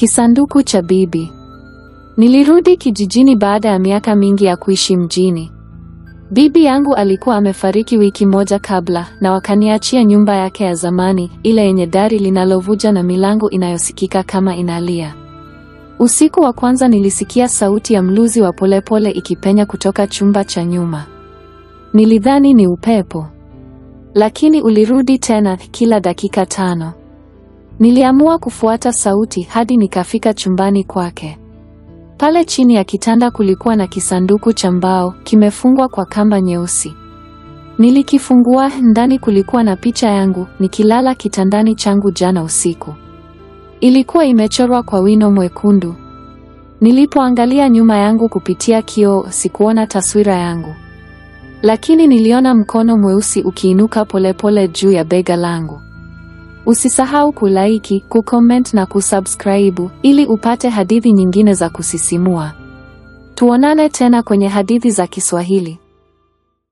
Kisanduku cha bibi. Nilirudi kijijini baada ya miaka mingi ya kuishi mjini. Bibi yangu alikuwa amefariki wiki moja kabla na wakaniachia nyumba yake ya zamani, ile yenye dari linalovuja na milango inayosikika kama inalia. Usiku wa kwanza nilisikia sauti ya mluzi wa polepole ikipenya kutoka chumba cha nyuma. Nilidhani ni upepo. Lakini ulirudi tena kila dakika tano. Niliamua kufuata sauti hadi nikafika chumbani kwake. Pale chini ya kitanda kulikuwa na kisanduku cha mbao kimefungwa kwa kamba nyeusi. Nilikifungua, ndani kulikuwa na picha yangu nikilala kitandani changu jana usiku. Ilikuwa imechorwa kwa wino mwekundu. Nilipoangalia nyuma yangu kupitia kioo, sikuona taswira yangu, lakini niliona mkono mweusi ukiinuka polepole juu ya bega langu. Usisahau kulaiki, kucomment na kusubscribe ili upate hadithi nyingine za kusisimua. Tuonane tena kwenye hadithi za Kiswahili.